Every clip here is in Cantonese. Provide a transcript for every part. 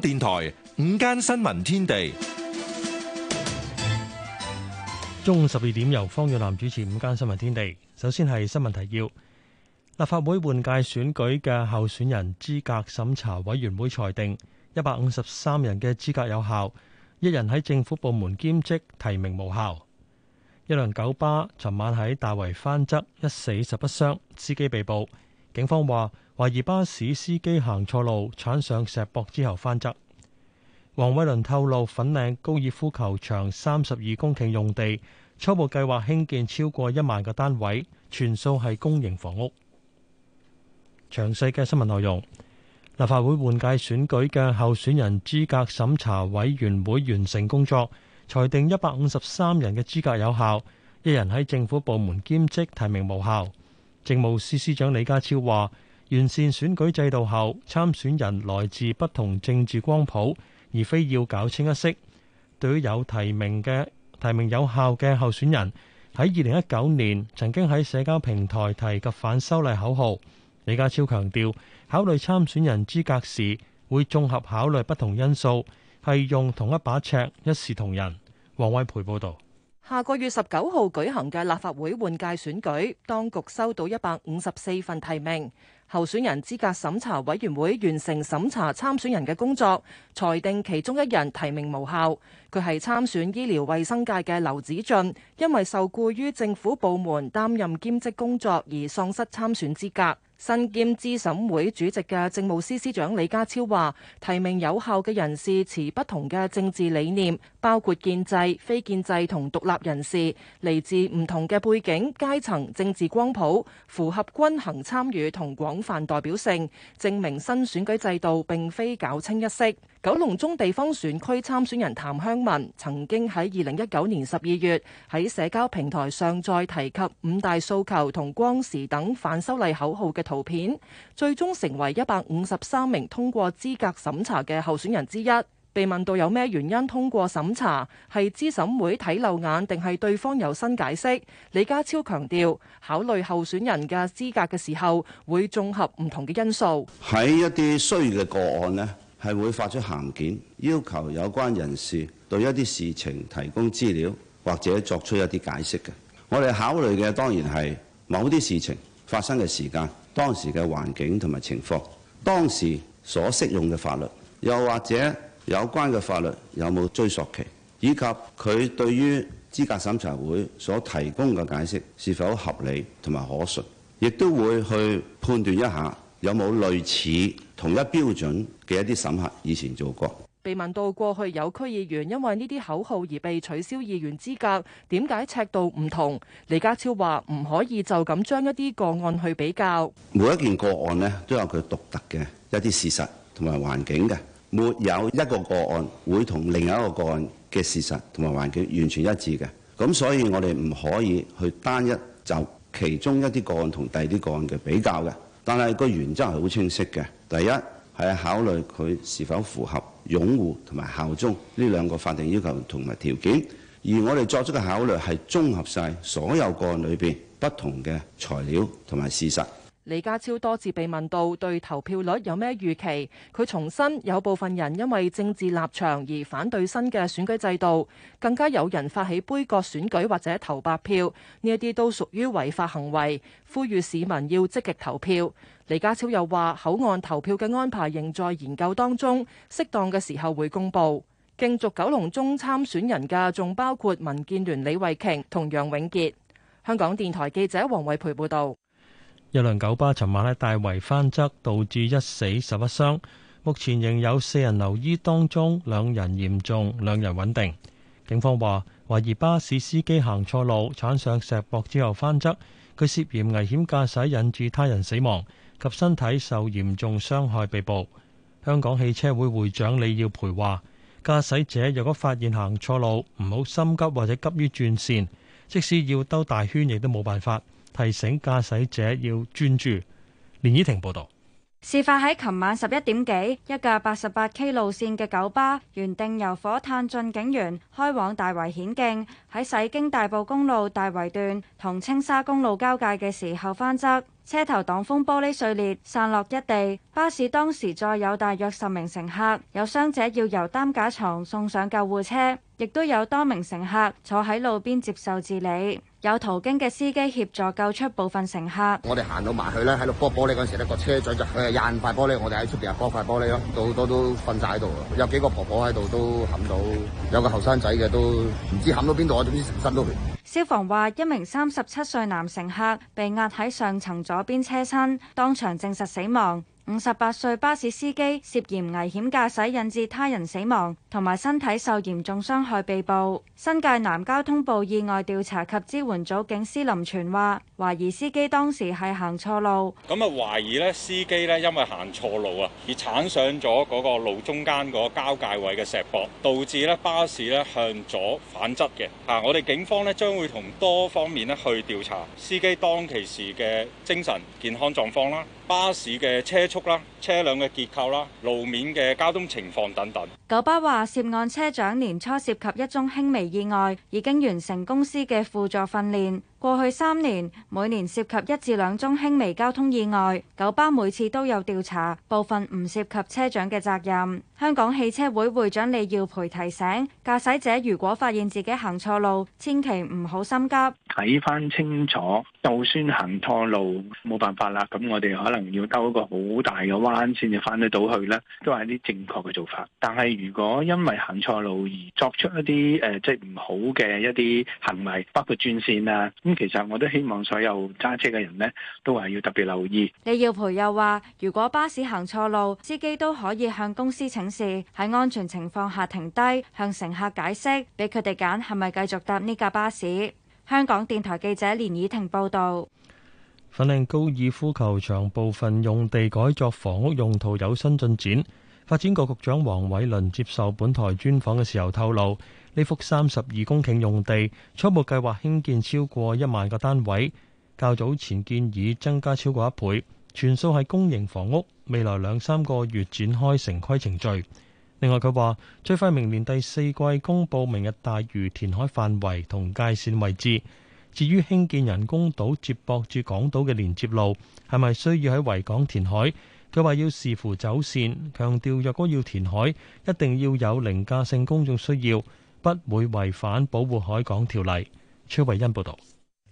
電台午間新聞天地，中午十二點由方若男主持《午間新聞天地》天地。首先係新聞提要：立法會換屆選舉嘅候選人資格審查委員會裁定，一百五十三人嘅資格有效，一人喺政府部門兼職提名無效。一輛九巴，尋晚喺大圍翻側，一死十一傷，司機被捕，警方話。懷疑巴士司機行錯路，鏟上石壆之後翻側。黃偉綸透露，粉嶺高爾夫球場三十二公頃用地初步計劃興建超過一萬個單位，全數係公營房屋。詳細嘅新聞內容，立法會換屆選舉嘅候選人資格審查委員會完成工作，裁定一百五十三人嘅資格有效，一人喺政府部門兼職提名無效。政務司司長李家超話。完善選舉制度後，參選人來自不同政治光譜，而非要搞清一色。對於有提名嘅提名有效嘅候選人，喺二零一九年曾經喺社交平台提及反修例口號。李家超強調，考慮參選人資格時會綜合考慮不同因素，係用同一把尺一視同仁。黃偉培報導。下個月十九號舉行嘅立法會換屆選舉，當局收到一百五十四份提名。候選人資格審查委員會完成審查參選人嘅工作，裁定其中一人提名無效。佢係參選醫療衛生界嘅劉子俊，因為受僱於政府部門擔任兼職工作而喪失參選資格。身兼資審會主席嘅政務司司長李家超話：提名有效嘅人士持不同嘅政治理念，包括建制、非建制同獨立人士，嚟自唔同嘅背景、階層、政治光譜，符合均衡參與同廣泛代表性，證明新選舉制度並非搞清一色。九龍中地方選區參選人譚香文曾經喺二零一九年十二月喺社交平台上載提及五大訴求同光時等反修例口號嘅圖片，最終成為一百五十三名通過資格審查嘅候選人之一。被問到有咩原因通過審查，係資審會睇漏眼定係對方有新解釋？李家超強調，考慮候選人嘅資格嘅時候會綜合唔同嘅因素。喺一啲衰嘅個案呢，係會發出函件，要求有關人士對一啲事情提供資料，或者作出一啲解釋嘅。我哋考慮嘅當然係某啲事情發生嘅時間、當時嘅環境同埋情況、當時所適用嘅法律，又或者有關嘅法律有冇追溯期，以及佢對於資格審查會所提供嘅解釋是否合理同埋可信，亦都會去判斷一下。有冇類似同一標準嘅一啲審核以前做過？被問到過去有區議員因為呢啲口號而被取消議員資格，點解尺度唔同？李家超話唔可以就咁將一啲個案去比較。每一件個案呢，都有佢獨特嘅一啲事實同埋環境嘅，沒有一個個案會同另一個個案嘅事實同埋環境完全一致嘅。咁所以我哋唔可以去單一就其中一啲個案同第二啲個案嘅比較嘅。但係個原則係好清晰嘅，第一係考慮佢是否符合擁護同埋效忠呢兩個法定要求同埋條件，而我哋作出嘅考慮係綜合晒所有個案裏面不同嘅材料同埋事實。李家超多次被問到對投票率有咩預期，佢重申有部分人因為政治立場而反對新嘅選舉制度，更加有人發起杯葛選舉或者投白票，呢一啲都屬於違法行為，呼籲市民要積極投票。李家超又話口岸投票嘅安排仍在研究當中，適當嘅時候會公佈。競逐九龍中參選人嘅仲包括民建聯李慧瓊同楊永傑。香港電台記者黃惠培報導。一輛九巴尋晚喺大圍翻側，導致一死十一傷，目前仍有四人留醫當中，兩人嚴重，兩人穩定。警方話懷疑巴士司機行錯路，鏟上石壆之後翻側，佢涉嫌危險駕駛引致他人死亡及身體受嚴重傷害被捕。香港汽車會會長李耀培話：，駕駛者若果發現行錯路，唔好心急或者急於轉線，即使要兜大圈亦都冇辦法。提醒駕駛者要專注。連依婷報導，事發喺琴晚十一點幾，一架八十八 K 路線嘅九巴原定由火炭駿景園開往大圍顯徑，喺駛經大埔公路大圍段同青沙公路交界嘅時候，翻側，車頭擋風玻璃碎裂散落一地。巴士當時載有大約十名乘客，有傷者要由擔架床送上救護車，亦都有多名乘客坐喺路邊接受治理。有途經嘅司機協助救出部分乘客。我哋行到埋去咧，喺度割玻璃嗰陣時咧，個車仔就佢就硬塊玻璃，我哋喺出邊又割塊玻璃咯。好多都瞓晒喺度，有幾個婆婆喺度都冚到，有個後生仔嘅都唔知冚到邊度。我總之成身都血。消防話，一名三十七歲男乘客被壓喺上層左邊車身，當場證實死亡。五十八歲巴士司機涉嫌危險駕駛引致他人死亡同埋身體受嚴重傷害被捕。新界南交通部意外調查及支援組警司林傳話，懷疑司機當時係行錯路。咁啊，懷疑呢司機呢因為行錯路啊，而鏟上咗嗰個路中間嗰個交界位嘅石駁，導致呢巴士呢向左反側嘅。啊，我哋警方呢將會同多方面呢去調查司機當其時嘅精神健康狀況啦，巴士嘅車速。車輛嘅結構啦，路面嘅交通情況等等。九巴話涉案車長年初涉及一宗輕微意外，已經完成公司嘅輔助訓練。過去三年，每年涉及一至兩宗輕微交通意外，九巴每次都有調查，部分唔涉及車長嘅責任。香港汽車會會長李耀培提醒駕駛者，如果發現自己行錯路，千祈唔好心急，睇翻清楚。就算行錯路，冇辦法啦，咁我哋可能要兜一個好大嘅彎先至翻得到去啦，都係一啲正確嘅做法。但係如果因為行錯路而作出一啲誒即係唔好嘅一啲行為，包括轉線啊。咁其實我都希望所有揸車嘅人呢，都係要特別留意。李耀培又話，如果巴士行錯路，司機都可以向公司請示，喺安全情況下停低，向乘客解釋，俾佢哋揀係咪繼續搭呢架巴士。香港電台記者連以婷報導。粉嶺高爾夫球場部分用地改作房屋用途有新進展，發展局局長黃偉倫接受本台專訪嘅時候透露。呢幅三十二公頃用地初步計劃興建超過一萬個單位，較早前建議增加超過一倍，全數係公營房屋。未來兩三個月展開城規程序。另外，佢話最快明年第四季公佈明日大嶼填海範圍同界線位置。至於興建人工島接駁至港島嘅連接路係咪需要喺維港填海，佢話要視乎走線，強調若果要填海，一定要有凌駕性公眾需要。不會違反保護海港條例。崔慧欣報導。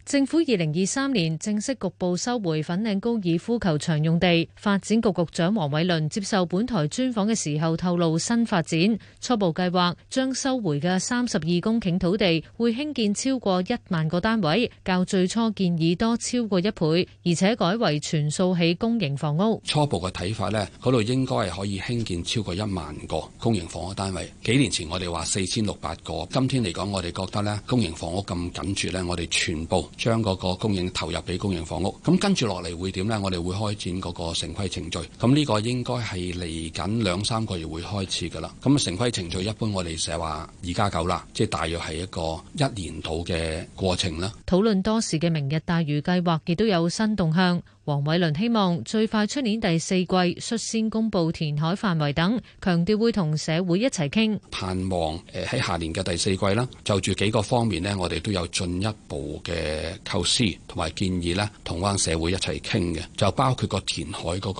政府二零二三年正式局部收回粉嶺高爾夫球場用地，發展局局長黃偉綸接受本台專訪嘅時候透露，新發展初步計劃將收回嘅三十二公頃土地，會興建超過一萬個單位，較最初建議多超過一倍，而且改為全數起公營房屋。初步嘅睇法咧，嗰度應該係可以興建超過一萬個公營房屋單位。幾年前我哋話四千六百個，今天嚟講我哋覺得咧，公營房屋咁緊絀咧，我哋全部。將嗰個供應投入俾公營房屋，咁跟住落嚟會點呢？我哋會開展嗰個城規程序，咁呢個應該係嚟緊兩三個月會開始噶啦。咁城規程序一般我哋成日話二加九啦，即係大約係一個一年度嘅過程啦。討論多時嘅明日大嶼計劃亦都有新動向。黃偉倫希望最快出年第四季率先公布填海範圍等，強調會同社會一齊傾。盼望，誒喺下年嘅第四季啦，就住幾個方面咧，我哋都有進一步嘅構思同埋建議咧，同灣社會一齊傾嘅，就包括個填海嗰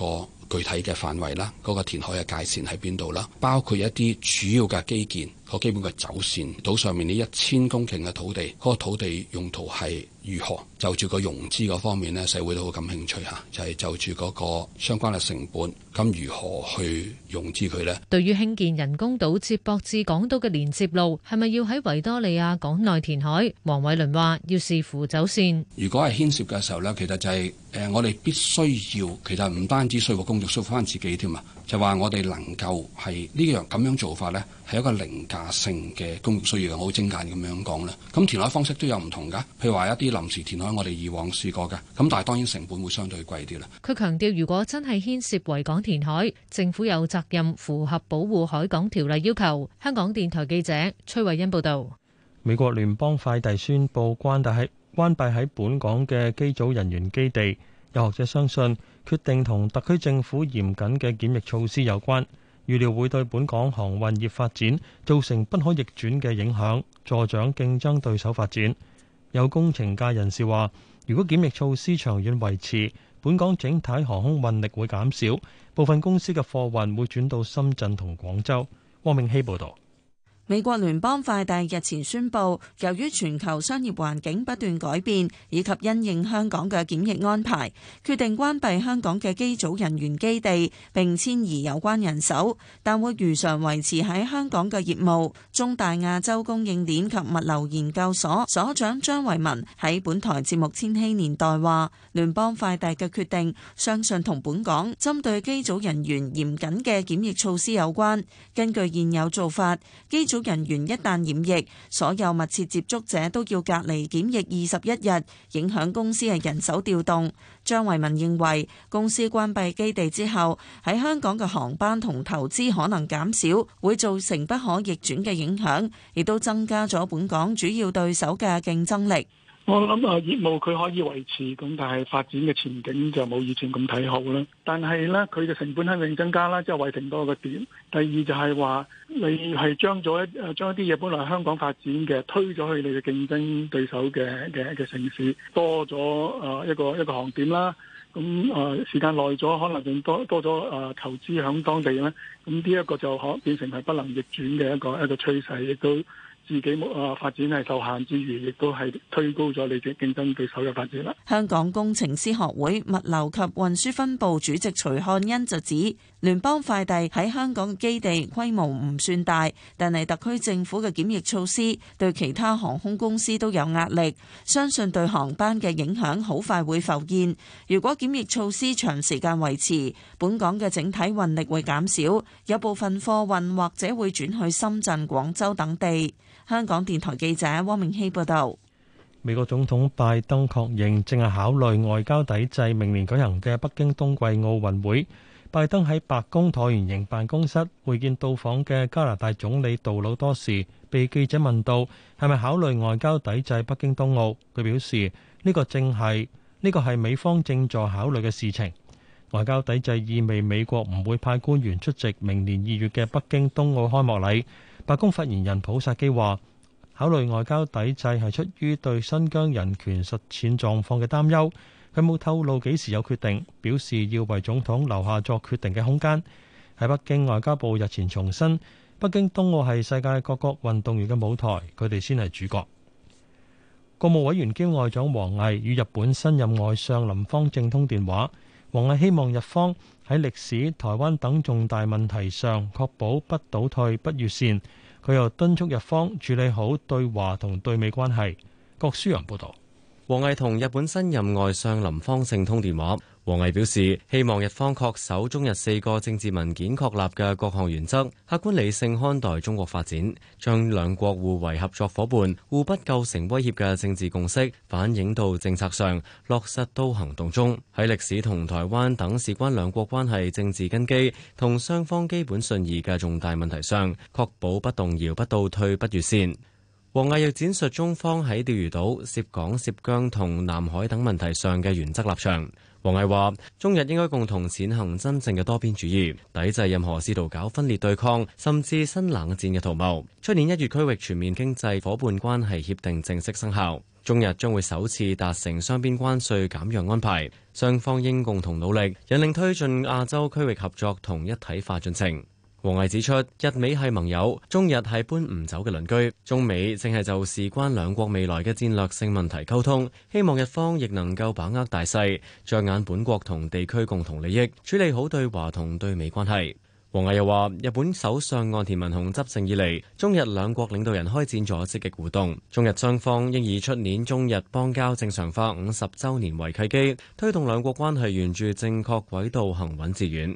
個具體嘅範圍啦，嗰個填海嘅界綫喺邊度啦，包括一啲主要嘅基建。個基本嘅走線，島上面呢一千公頃嘅土地，嗰、那個土地用途係如何？就住個融資嗰方面呢，社會都好感興趣嚇，就係、是、就住嗰個相關嘅成本，咁如何去融資佢呢？對於興建人工島接駁至港島嘅連接路，係咪要喺維多利亞港內填海？黃偉麟話：要視乎走線。如果係牽涉嘅時候呢，其實就係誒，我哋必須要，其實唔單止需要公工作 h o 翻自己添啊！就話我哋能夠係呢樣咁樣做法呢，係一個凌駕性嘅供應需要，好精簡咁樣講咧。咁填海方式都有唔同噶，譬如話一啲臨時填海，我哋以往試過嘅，咁但係當然成本會相對貴啲啦。佢強調，如果真係牽涉維港填海，政府有責任符合保護海港條例要求。香港電台記者崔慧欣報道。美國聯邦快遞宣布關閉喺關閉喺本港嘅機組人員基地。有學者相信，決定同特區政府嚴謹嘅檢疫措施有關，預料會對本港航運業發展造成不可逆轉嘅影響，助長競爭對手發展。有工程界人士話，如果檢疫措施長遠維持，本港整體航空運力會減少，部分公司嘅貨運會轉到深圳同廣州。汪明希報道。美國聯邦快遞日前宣布，由於全球商業環境不斷改變，以及因應香港嘅檢疫安排，決定關閉香港嘅機組人員基地，並遷移有關人手，但會如常維持喺香港嘅業務。中大亞洲供應鏈及物流研究所所長張維文喺本台節目《千禧年代》話，聯邦快遞嘅決定相信同本港針對機組人員嚴謹嘅檢疫措施有關。根據現有做法，機組人員一旦染疫，所有密切接觸者都要隔離檢疫二十一日，影響公司嘅人手調動。張維民認為，公司關閉基地之後，喺香港嘅航班同投資可能減少，會造成不可逆轉嘅影響，亦都增加咗本港主要對手嘅競爭力。我諗啊，業務佢可以維持，咁但係發展嘅前景就冇以前咁睇好啦。但係呢，佢嘅成本肯定增加啦，即係為停多個點。第二就係話，你係將咗一，將一啲嘢，本來香港發展嘅，推咗去你嘅競爭對手嘅嘅嘅城市，多咗啊、呃、一個一個航點啦。咁啊、呃，時間耐咗，可能仲多多咗啊、呃、投資響當地呢。咁呢一個就可變成係不能逆轉嘅一個一個趨勢，亦都。自己冇啊，發展係受限之餘亦都係推高咗你哋競爭對手嘅發展啦。香港工程師學會物流及運輸分部主席徐漢恩就指，聯邦快遞喺香港嘅基地規模唔算大，但係特區政府嘅檢疫措施對其他航空公司都有壓力。相信對航班嘅影響好快會浮現。如果檢疫措施長時間維持，本港嘅整體運力會減少，有部分貨運或者會轉去深圳、廣州等地。香港電台記者汪明熙報道，美國總統拜登確認正係考慮外交抵制明年舉行嘅北京冬季奧運會。拜登喺白宮橢圓形辦公室會見到訪嘅加拿大總理杜魯多時，被記者問到係咪考慮外交抵制北京冬奧？佢表示呢個正係呢個係美方正在考慮嘅事情。外交抵制意味美國唔會派官員出席明年二月嘅北京冬奧開幕禮。白宮發言人普薩基話，考慮外交抵制係出於對新疆人權實踐狀況嘅擔憂。佢冇透露幾時有決定，表示要為總統留下作決定嘅空間。喺北京，外交部日前重申，北京冬奧係世界各國運動員嘅舞台，佢哋先係主角。國務委員兼外長王毅與日本新任外相林芳正通電話。王毅希望日方喺歷史、台灣等重大問題上確保不倒退、不越線，佢又敦促日方處理好對華同對美關係，郭書陽報道。王毅同日本新任外相林芳正通電話。王毅表示，希望日方恪守中日四個政治文件確立嘅各項原則，客觀理性看待中國發展，將兩國互為合作伙伴、互不構成威脅嘅政治共識反映到政策上，落實到行動中。喺歷史同台灣等事關兩國關係政治根基同雙方基本信義嘅重大問題上，確保不動搖、不倒退、不越線。王毅亦闡述中方喺釣魚島、涉港、涉疆同南海等問題上嘅原則立場。王毅話：中日應該共同踐行真正嘅多邊主義，抵制任何試圖搞分裂對抗、甚至新冷戰嘅圖謀。出年一月，區域全面經濟夥伴關係協定正式生效，中日將會首次達成雙邊關稅減讓安排，雙方應共同努力，引領推進亞洲區域合作同一體化進程。王毅指出，日美係盟友，中日係搬唔走嘅鄰居，中美正係就事關兩國未來嘅戰略性問題溝通，希望日方亦能夠把握大勢，着眼本國同地區共同利益，處理好對華同對美關係。王毅又話，日本首相岸田文雄執政以嚟，中日兩國領導人開展咗積極互動，中日雙方應以出年中日邦交正常化五十周年為契機，推動兩國關係沿住正確軌道行穩致遠。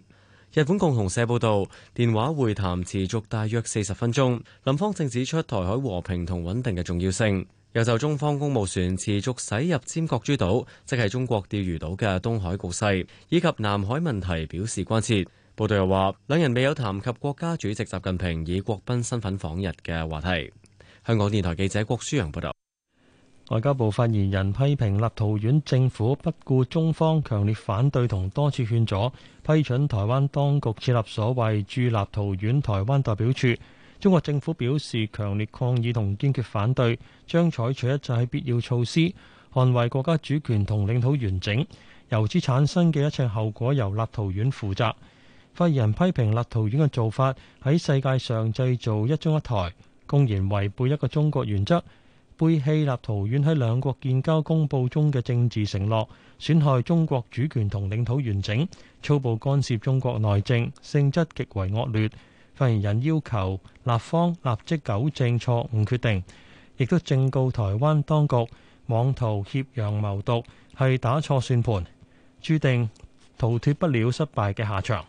日本共同社報道，電話會談持續大約四十分鐘。林芳正指出台海和平同穩定嘅重要性，又就中方公務船持續駛入尖閣諸島，即係中國釣魚島嘅東海局勢，以及南海問題表示關切。報道又話，兩人未有談及國家主席習近平以國賓身份訪日嘅話題。香港電台記者郭舒揚報道。外交部發言人批評立陶宛政府不顧中方強烈反對同多次勸阻，批准台灣當局設立所謂駐立陶宛台灣代表處。中國政府表示強烈抗議同堅決反對，將採取一切必要措施捍衛國家主權同領土完整。由此產生嘅一切後果由立陶宛負責。發言人批評立陶宛嘅做法喺世界上製造一中一台，公然違背一個中國原則，背棄立陶宛喺兩國建交公報中嘅政治承諾，損害中國主權同領土完整，粗暴干涉中國內政，性質極為惡劣。發言人要求立方立即糾正錯誤決定，亦都正告台灣當局妄圖挾洋謀獨，係打錯算盤，注定逃脱不了失敗嘅下場。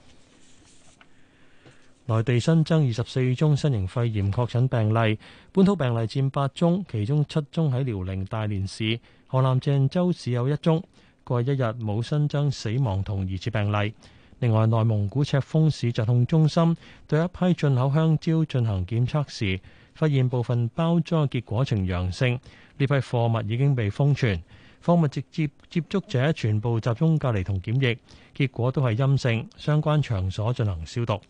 內地新增二十四宗新型肺炎確診病例，本土病例佔八宗，其中七宗喺遼寧大連市，河南鄭州市有一宗。過一日冇新增死亡同疑似病例。另外，內蒙古赤峰市疾控中心對一批進口香蕉進行檢測時，發現部分包裝結果呈陽性，呢批貨物已經被封存。貨物直接接觸者全部集中隔離同檢疫，結果都係陰性，相關場所進行消毒。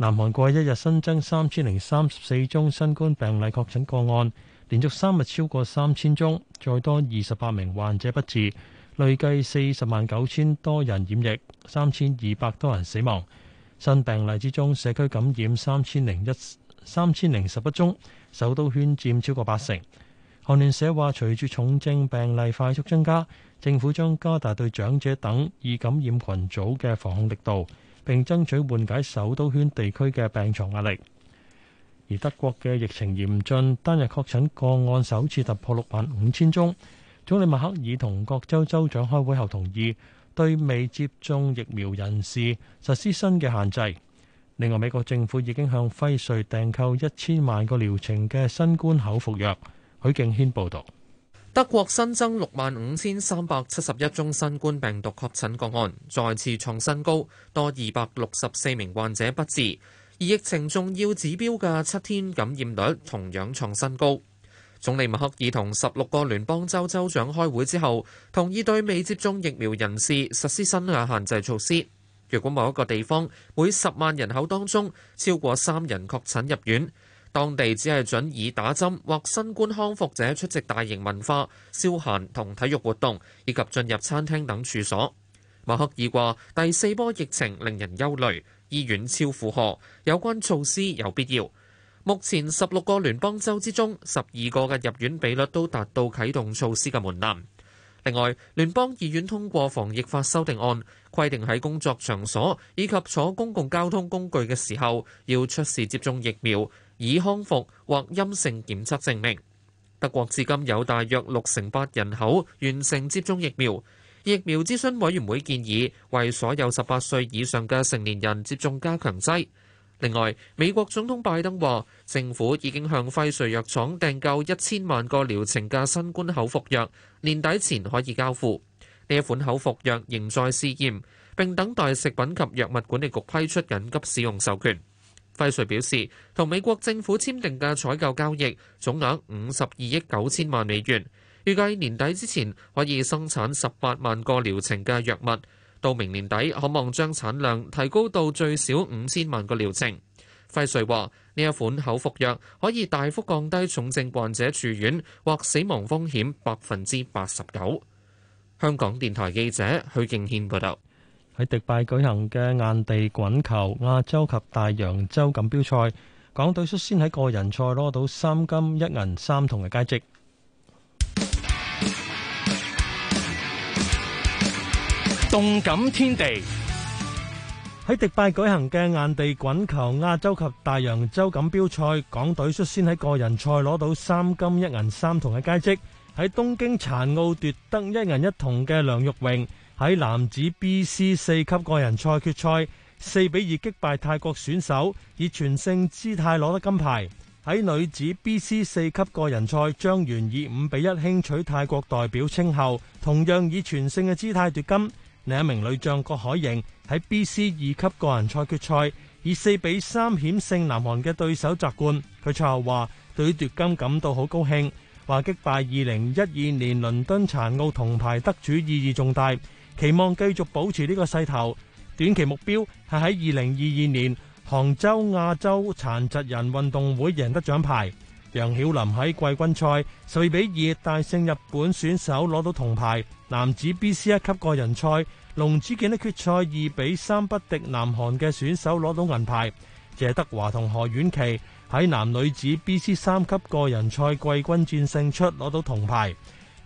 南韓過一日新增三千零三十四宗新冠病例確診個案，連續三日超過三千宗，再多二十八名患者不治，累計四十萬九千多人染疫，三千二百多人死亡。新病例之中，社區感染三千零一三千零十一宗，首都圈佔超過八成。韓聯社話，隨住重症病例快速增加，政府將加大對長者等易感染群組嘅防控力度。並爭取緩解首都圈地區嘅病床壓力。而德國嘅疫情嚴峻，單日確診個案首次突破六萬五千宗。總理默克爾同各州州長開會後同意，對未接種疫苗人士實施新嘅限制。另外，美國政府已經向輝瑞訂購一千萬個療程嘅新冠口服藥。許敬軒報導。德國新增六萬五千三百七十一宗新冠病毒確診個案，再次創新高，多二百六十四名患者不治。而疫情重要指標嘅七天感染率同樣創新高。總理默克爾同十六個聯邦州州州長開會之後，同意對未接種疫苗人士實施新嘅限制措施。如果某一個地方每十萬人口當中超過三人確診入院，當地只係准以打針或新冠康復者出席大型文化、消閒同體育活動，以及進入餐廳等處所。默克爾話：第四波疫情令人憂慮，醫院超負荷，有關措施有必要。目前十六個聯邦州之中，十二個嘅入院比率都達到啟動措施嘅門檻。另外，聯邦議院通過防疫法修訂案，規定喺工作場所以及坐公共交通工具嘅時候要出示接種疫苗，以康復或陰性檢測證明。德國至今有大約六成八人口完成接種疫苗。疫苗諮詢委員會建議為所有十八歲以上嘅成年人接種加強劑。另外，美國總統拜登話，政府已經向輝瑞藥廠訂購一千萬個療程嘅新冠口服藥，年底前可以交付。呢一款口服藥仍在試驗，並等待食品及藥物管理局批出緊急使用授權。輝瑞表示，同美國政府簽訂嘅採購交易總額五十二億九千萬美元，預計年底之前可以生產十八萬個療程嘅藥物，到明年底可望將產量提高到最少五千萬個療程。輝瑞話：呢一款口服藥可以大幅降低重症患者住院或死亡風險百分之八十九。香港電台記者許敬軒報道。喺迪拜舉行嘅硬地滾球亞洲及大洋洲錦標賽，港隊率先喺個人賽攞到三金一銀三銅嘅佳績。動感天地。喺迪拜舉行嘅硬地滾球亞洲及大洋洲錦標賽，港隊率先喺個人賽攞到三金一銀三銅嘅佳績。喺東京殘奧奪得一銀一銅嘅梁玉榮，喺男子 BC 四級個人賽決賽，四比二擊敗泰國選手，以全勝姿態攞得金牌。喺女子 BC 四級個人賽，張元以五比一輕取泰國代表稱后，同樣以全勝嘅姿態奪金。另一名女將郭海瑩喺 BC 二級個人賽決賽，以四比三險勝南韓嘅對手摘冠。佢賽後話，對於奪金感到好高興，話擊敗二零一二年倫敦殘奧銅牌得主意義重大。期望繼續保持呢個勢頭，短期目標係喺二零二二年杭州亞洲殘疾人運動會贏得獎牌。楊曉琳喺季軍賽十二比二大勝日本選手攞到銅牌。男子 B C 一級個人賽，龍子健喺決賽二比三不敵南韓嘅選手攞到銀牌。謝德華同何婉琪喺男女子 B C 三級個人賽季軍戰勝出攞到銅牌。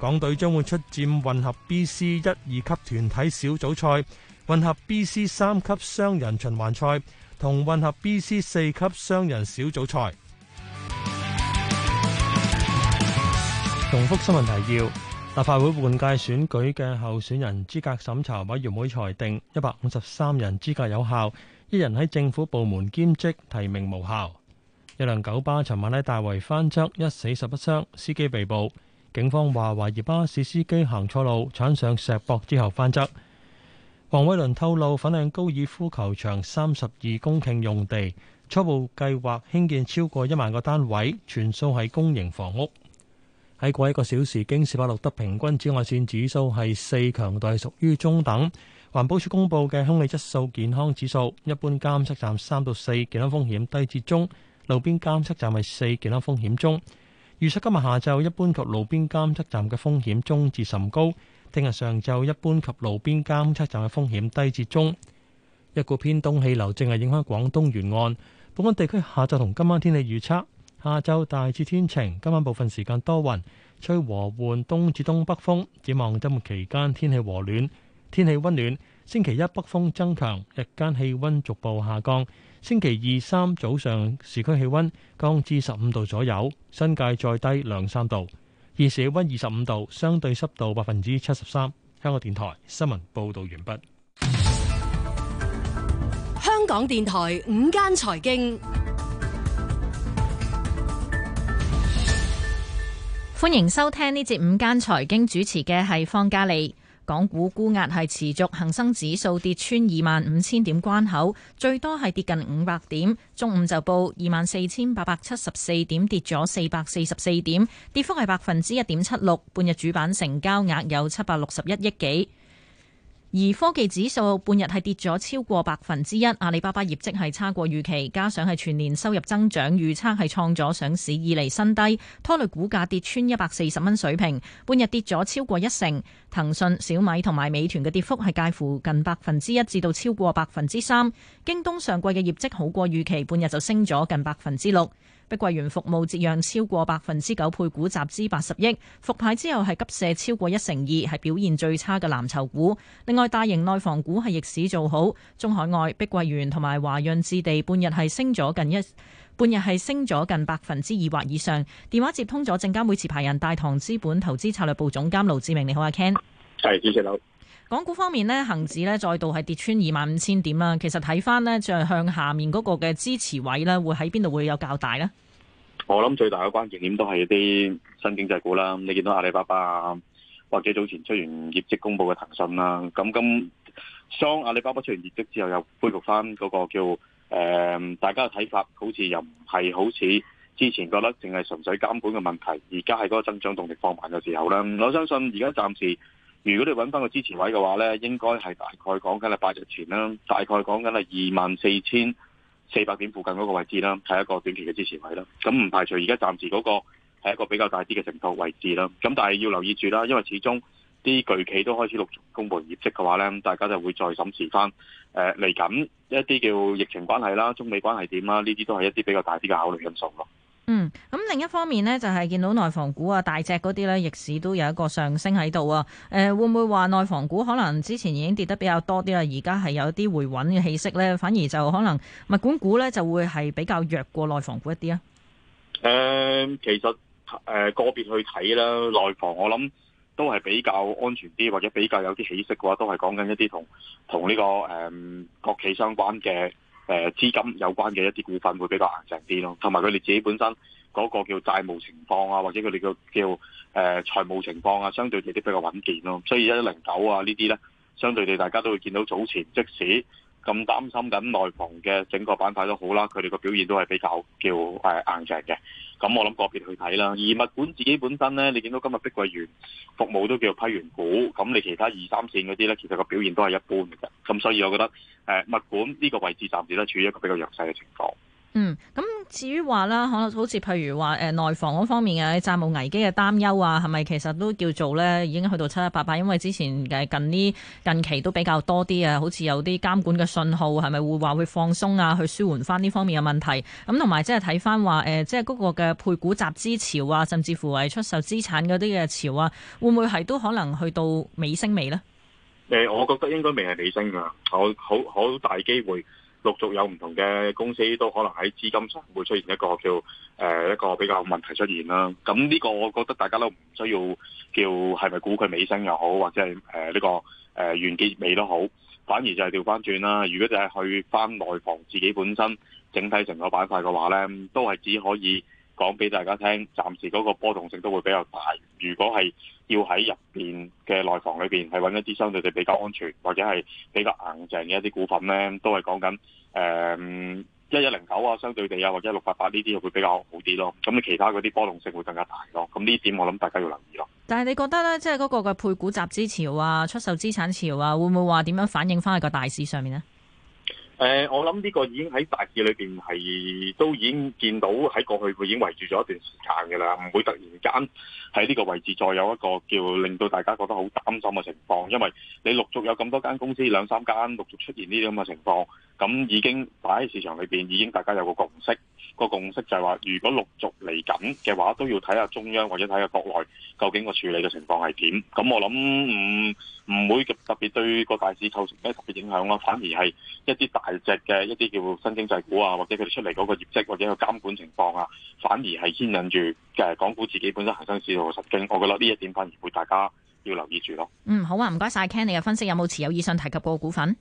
港隊將會出戰混合 B C 一二級團體小組賽、混合 B C 三級雙人循環賽同混合 B C 四級雙人小組賽。重複新聞提要：立法會換屆選舉嘅候選人資格審查委員會裁定一百五十三人資格有效，一人喺政府部門兼職提名無效。一輛九巴尋晚喺大圍翻車，一死十一傷，司機被捕。警方話：懷疑巴士司機行錯路，鏟上石壆之後翻側。黃偉倫透露，粉嶺高爾夫球場三十二公頃用地，初步計劃興建超過一萬個單位，全數係公營房屋。喺過一個小時，京士柏錄得平均紫外線指數係四，強度屬於中等。環保署公佈嘅空氣質素健康指數，一般監測站三到四，健康風險低至中；路邊監測站係四，健康風險中。預測今日下晝一般及路邊監測站嘅風險中至甚高，聽日上晝一般及路邊監測站嘅風險低至中。一股偏東氣流正係影響廣東沿岸，本港地區下晝同今晚天氣預測：下晝大致天晴，今晚部分時間多雲，吹和緩東至東北風，展望周末期間天氣和暖，天氣温暖。星期一北風增強，日間氣温逐步下降。星期二三早上，市區氣溫降至十五度左右，新界再低兩三度。現時氣溫二十五度，相對濕度百分之七十三。香港電台新聞報道完畢。香港電台午間財經，歡迎收聽呢節午間財經，主持嘅係方嘉莉。港股沽壓係持續，恒生指數跌穿二萬五千點關口，最多係跌近五百點。中午就報二萬四千八百七十四點，跌咗四百四十四點，跌幅係百分之一點七六。半日主板成交額有七百六十一億幾。而科技指數半日係跌咗超過百分之一，阿里巴巴業績係差過預期，加上係全年收入增長預測係創咗上市以嚟新低，拖累股價跌穿一百四十蚊水平，半日跌咗超過一成。騰訊、小米同埋美團嘅跌幅係介乎近百分之一至到超過百分之三。京東上季嘅業績好過預期，半日就升咗近百分之六。碧桂園服務折讓超過百分之九，配股集資八十億。復牌之後係急瀉超過一成二，係表現最差嘅藍籌股。另外大型內房股係逆市做好，中海外、碧桂園同埋華潤置地半日係升咗近一，半日係升咗近百分之二或以上。電話接通咗證監會持牌人大唐資本投資策略部總監盧志明，你好阿 Ken。係主持人。港股方面呢恒指呢再度係跌穿二萬五千點啦。其實睇翻呢，就向下面嗰個嘅支持位呢，會喺邊度會有較大呢？我諗最大嘅關鍵點都係一啲新經濟股啦，你見到阿里巴巴啊，或者早前出完業績公布嘅騰訊啦，咁咁當阿里巴巴出完業績之後，又恢復翻嗰個叫誒、呃，大家嘅睇法，好似又唔係好似之前覺得淨係純粹監管嘅問題，而家係嗰個增長動力放慢嘅時候啦。我相信而家暫時，如果你揾翻個支持位嘅話咧，應該係大概講緊係八日前啦，大概講緊係二萬四千。四百點附近嗰個位置啦，係一個短期嘅支持位啦。咁唔排除而家暫時嗰、嗰個係一個比較大啲嘅程度位置啦。咁但係要留意住啦，因為始終啲巨企都開始陸續公佈業績嘅話呢，大家就會再審視翻。呃、嚟緊一啲叫疫情關係啦、中美關係點啦。呢啲都係一啲比較大啲嘅考慮因素咯。嗯，咁另一方面呢，就係見到內房股啊，大隻嗰啲呢，逆市都有一個上升喺度啊。誒，會唔會話內房股可能之前已經跌得比較多啲啦？而家係有啲回穩嘅氣息呢，反而就可能物管股呢就會係比較弱過內房股一啲啊。誒、呃，其實誒、呃、個別去睇啦，內房我諗都係比較安全啲，或者比較有啲氣息嘅話，都係講緊一啲同同呢個誒、呃、國企相關嘅。誒資金有關嘅一啲股份會比較硬淨啲咯，同埋佢哋自己本身嗰個叫債務情況啊，或者佢哋嘅叫誒財務情況啊，相對地都比較穩健咯，所以一零九啊呢啲呢，相對地大家都會見到早前即使，咁擔心緊內房嘅整個板塊都好啦，佢哋個表現都係比較叫誒、呃、硬淨嘅。咁我諗個別去睇啦，而物管自己本身呢，你見到今日碧桂園服務都叫做批完股，咁你其他二三線嗰啲呢，其實個表現都係一般嘅。咁所以我覺得誒、呃、物管呢個位置暫時都處於一個比較弱勢嘅情況。嗯，咁至於話啦，可能好似譬如話誒內房嗰方面嘅債務危機嘅擔憂啊，係咪其實都叫做咧已經去到七七八八？因為之前誒近呢近期都比較多啲啊，好似有啲監管嘅信號，係咪會話會放鬆啊，去舒緩翻呢方面嘅問題？咁同埋即係睇翻話誒，即係嗰個嘅配股集資潮啊，甚至乎係出售資產嗰啲嘅潮啊，會唔會係都可能去到尾聲未呢？誒，我覺得應該未係尾聲啊，我好好，好大機會。陸續有唔同嘅公司都可能喺資金上會出現一個叫誒、呃、一個比較問題出現啦。咁呢個我覺得大家都唔需要叫係咪估佢尾聲又好，或者係、這、呢個誒軟、呃、結尾都好，反而就係調翻轉啦。如果就係去翻內房自己本身整體成個板塊嘅話呢，都係只可以。講俾大家聽，暫時嗰個波動性都會比較大。如果係要喺入面嘅內房裏面，係搵一啲相對地比較安全或者係比較硬淨嘅一啲股份呢，都係講緊誒一一零九啊，相對地啊，或者六八八呢啲會比較好啲咯。咁你其他嗰啲波動性會更加大咯。咁呢點我諗大家要留意咯。但係你覺得呢，即係嗰個嘅配股集資潮啊、出售資產潮啊，會唔會話點樣反映翻去個大市上面呢？誒，我諗呢個已經喺大市裏面，係都已經見到喺過去，佢已經圍住咗一段時間㗎啦，唔會突然間喺呢個位置再有一個叫令到大家覺得好擔心嘅情況，因為你陸續有咁多間公司兩三間陸續出現呢啲咁嘅情況。咁已經擺喺市場裏面，已經大家有個共識。個共識就係話，如果陸續嚟緊嘅話，都要睇下中央或者睇下國內究竟個處理嘅情況係點。咁我諗唔唔會特別對個大市構成咩特別影響咯、啊。反而係一啲大隻嘅一啲叫新經濟股啊，或者佢哋出嚟嗰個業績或者個監管情況啊，反而係牽引住誒港股自己本身恒生市道嘅神經，我覺得呢一點反而會大家要留意住咯、啊。嗯，好啊，唔該晒。Ken，你嘅分析有冇持有以上提及過股份？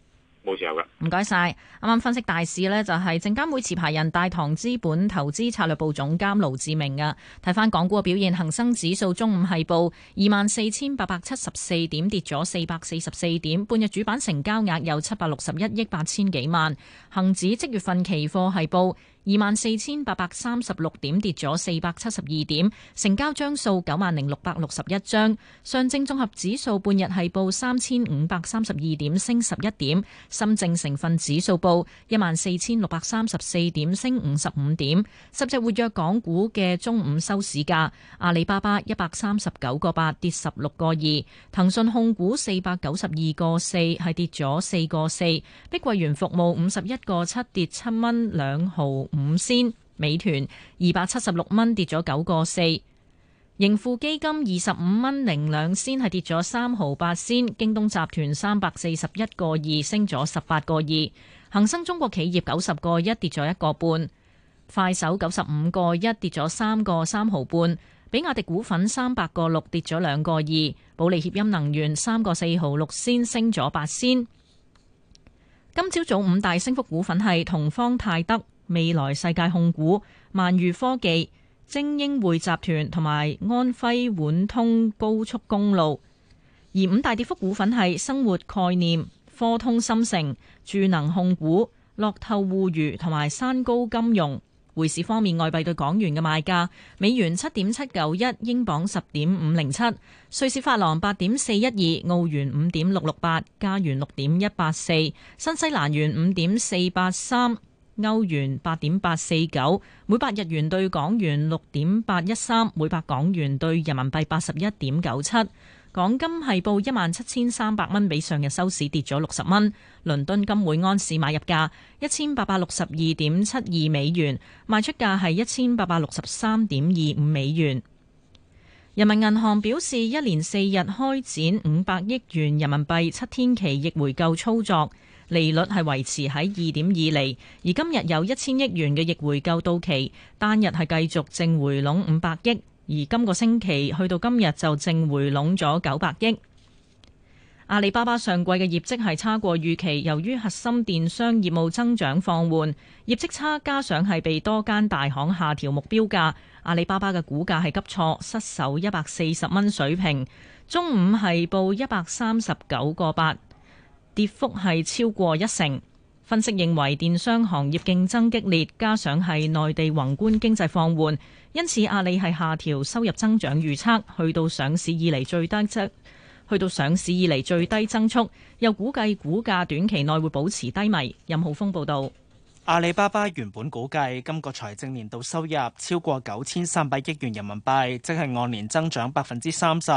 冇時候嘅，唔該晒。啱啱分析大市呢，就係證監會持牌人大唐資本投資策略部總監盧志明嘅。睇翻港股嘅表現，恒生指數中午係報二萬四千八百七十四點，跌咗四百四十四點。半日主板成交額有七百六十一億八千幾萬。恒指即月份期貨係報。二萬四千八百三十六點，跌咗四百七十二點，成交張數九萬零六百六十一張。上證綜合指數半日係報三千五百三十二點，升十一點。深證成分指數報一萬四千六百三十四點，升五十五點。十隻活躍港股嘅中午收市價，阿里巴巴一百三十九個八，跌十六個二，騰訊控股四百九十二個四係跌咗四個四，碧桂園服務五十一個七，跌七蚊兩毫。五仙，美團二百七十六蚊，跌咗九個四；盈富基金二十五蚊零兩仙，係跌咗三毫八仙。京東集團三百四十一個二，升咗十八個二。恒生中國企業九十個一，跌咗一個半。快手九十五個一，跌咗三個三毫半。比亞迪股份三百個六，跌咗兩個二。保利協鑫能源三個四毫六仙，升咗八仙。今朝早五大升幅股份係同方泰德。未來世界控股、萬裕科技、精英匯集團同埋安徽皖通高速公路。而五大跌幅股份係生活概念、科通深城、智能控股、樂透互娛同埋山高金融。匯市方面，外幣對港元嘅賣價：美元七點七九一，英鎊十點五零七，瑞士法郎八點四一二，澳元五點六六八，加元六點一八四，新西蘭元五點四八三。歐元八點八四九，每百日元對港元六點八一三，每百港元對人民幣八十一點九七。港金係報一萬七千三百蚊，比上日收市跌咗六十蚊。倫敦金每安士買入價一千八百六十二點七二美元，賣出價係一千八百六十三點二五美元。人民銀行表示，一連四日開展五百億元人民幣七天期逆回購操作。利率係維持喺二點二釐，而今日有一千億元嘅逆回購到期，單日係繼續淨回籠五百億，而今個星期去到今日就淨回籠咗九百億。阿里巴巴上季嘅業績係差過預期，由於核心電商業務增長放緩，業績差加上係被多間大行下調目標價，阿里巴巴嘅股價係急挫，失守一百四十蚊水平，中午係報一百三十九個八。跌幅係超過一成，分析認為電商行業競爭激烈，加上係內地宏觀經濟放緩，因此阿里係下調收入增長預測，去到上市以嚟最低增，去到上市以嚟最低增速，又估計股價短期內會保持低迷。任浩峰報導。阿里巴巴原本估計今個財政年度收入超過九千三百億元人民幣，即係按年增長百分之三十。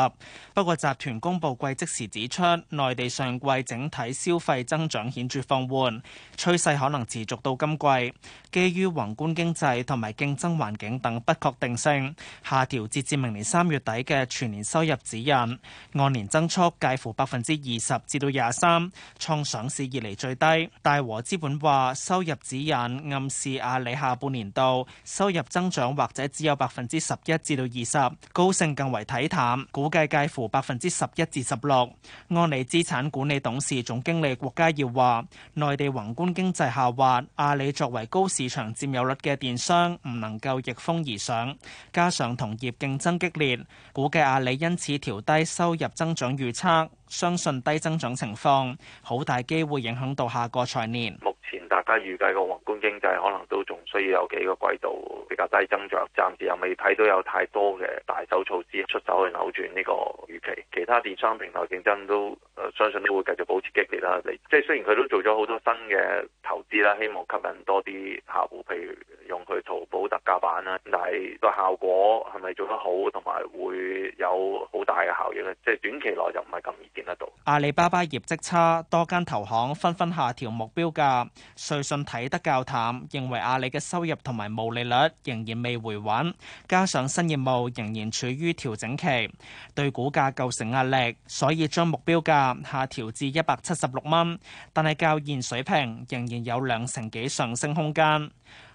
不過集團公布季績時指出，內地上季整體消費增長顯著放緩，趨勢可能持續到今季。基於宏觀經濟同埋競爭環境等不確定性，下調截至明年三月底嘅全年收入指引，按年增速介乎百分之二十至到廿三，創上市以嚟最低。大和資本話，收入指引暗示阿里下半年度收入增長或者只有百分之十一至到二十，高盛更為睇淡，估計介乎百分之十一至十六。安利資產管理董事總經理郭家耀話，內地宏觀經濟下滑，阿里作為高市。市場佔有率嘅電商唔能夠逆風而上，加上同業競爭激烈，估計阿里因此調低收入增長預測，相信低增長情況好大機會影響到下個財年。目前，大家預計個宏觀經濟可能都仲需要有幾個季度比較低增長，暫時又未睇到有太多嘅大手措施出手去扭轉呢個預期。其他電商平台競爭都，誒相信都會繼續保持激烈啦。你即係雖然佢都做咗好多新嘅投資啦，希望吸引多啲客戶，譬如用佢淘寶特價版啦，但係個效果係咪做得好，同埋會有好大嘅效應咧？即係短期內就唔係咁易見得到。阿里巴巴業績差，多間投行紛紛下調目標價。瑞信睇得較淡，認為阿里嘅收入同埋毛利率仍然未回穩，加上新業務仍然處於調整期，對股價構成壓力，所以將目標價下調至一百七十六蚊，但係較現水平仍然有兩成幾上升空間。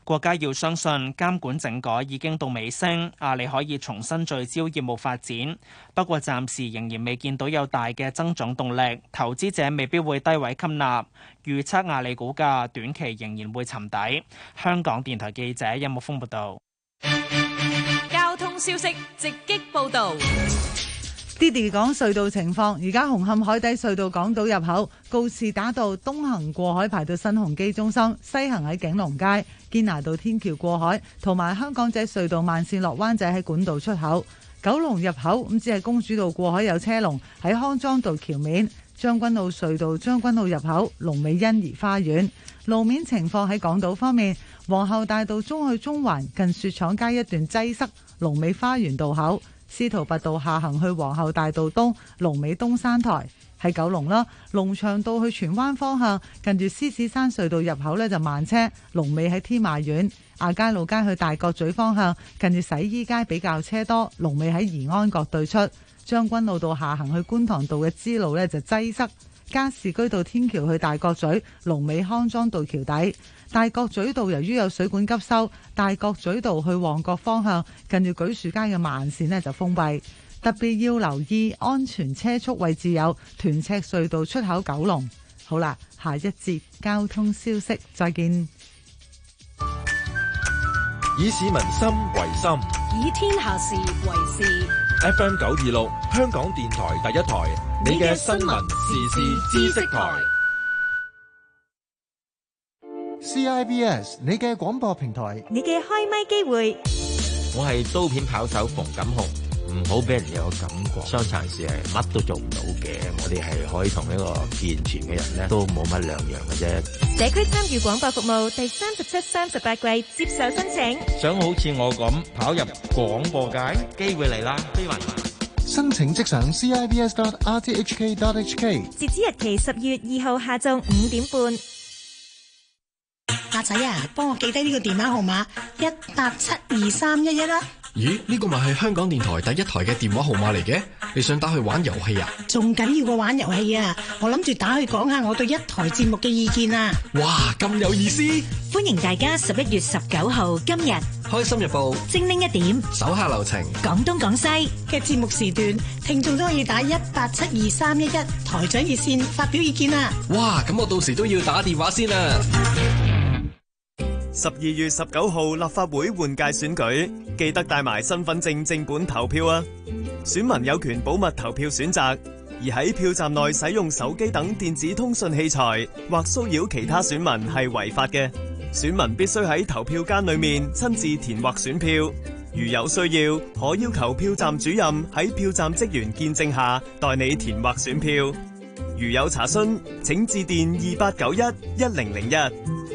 國家要相信監管整改已經到尾聲，阿里可以重新聚焦業務發展。不過暫時仍然未見到有大嘅增長動力，投資者未必會低位吸納。預測阿里股價短期仍然會沉底。香港電台記者任木峰報道。交通消息直擊報道。滴滴 d 講隧道情況，而家紅磡海底隧道港島入口告示打道東行過海，排到新鴻基中心；西行喺景隆街。堅拿道天橋過海，同埋香港仔隧道慢線落灣仔喺管道出口。九龍入口，咁只係公主道過海有車龍喺康莊道橋面，將軍澳隧道將軍澳入口龍尾欣怡花園。路面情況，喺港島方面，皇后大道中去中環近雪廠街一段擠塞，龍尾花園道口，司徒拔道下行去皇后大道東，龍尾東山台。喺九龍啦，龍翔道去荃灣方向，近住獅子山隧道入口呢就慢車。龍尾喺天馬苑，亞皆老街去大角咀方向，近住洗衣街比較車多。龍尾喺怡安閣對出，將軍路道下行去觀塘道嘅支路呢就擠塞。加士居道天橋去大角咀，龍尾康莊道橋底。大角咀道由於有水管急修，大角咀道去旺角方向，近住舉樹街嘅慢線呢就封閉。特別要留意安全車速位置有屯赤隧道出口九龍。好啦，下一節交通消息，再見。以市民心為心，以天下事為事。FM 九二六，香港電台第一台，你嘅新聞時事知識台。CIBS，你嘅廣播平台，你嘅開咪機會。我係刀片跑手馮錦雄。唔好俾人有感覺，傷殘人士係乜都做唔到嘅，我哋係可以同一個健全嘅人咧都冇乜兩樣嘅啫。社區參與廣播服務第三十七、三十八季接受申請，想好似我咁跑入廣播界，機會嚟啦！飛雲！申請即上 cibs dot rthk dot hk，截止日期十月二號下晝五點半。阿仔啊，幫我記低呢個電話號碼一八七二三一一啦。咦，呢個咪係香港電台第一台嘅電話號碼嚟嘅？你想打去玩遊戲啊？仲緊要過玩遊戲啊？我諗住打去講下我對一台節目嘅意見啦。哇，咁有意思！歡迎大家十一月十九號今日《開心日報》，精靈一點，手下留情。講東講西嘅節目時段，聽眾都可以打一八七二三一一台長熱線發表意見啦。哇，咁我到時都要打電話先啦。十二月十九號立法會換屆選舉，記得帶埋身份證正本投票啊！選民有權保密投票選擇，而喺票站內使用手機等電子通訊器材或騷擾其他選民係違法嘅。選民必須喺投票間裏面親自填劃選票，如有需要可要求票站主任喺票站職員見證下代你填劃選票。如有查詢，請致電二八九一一零零一。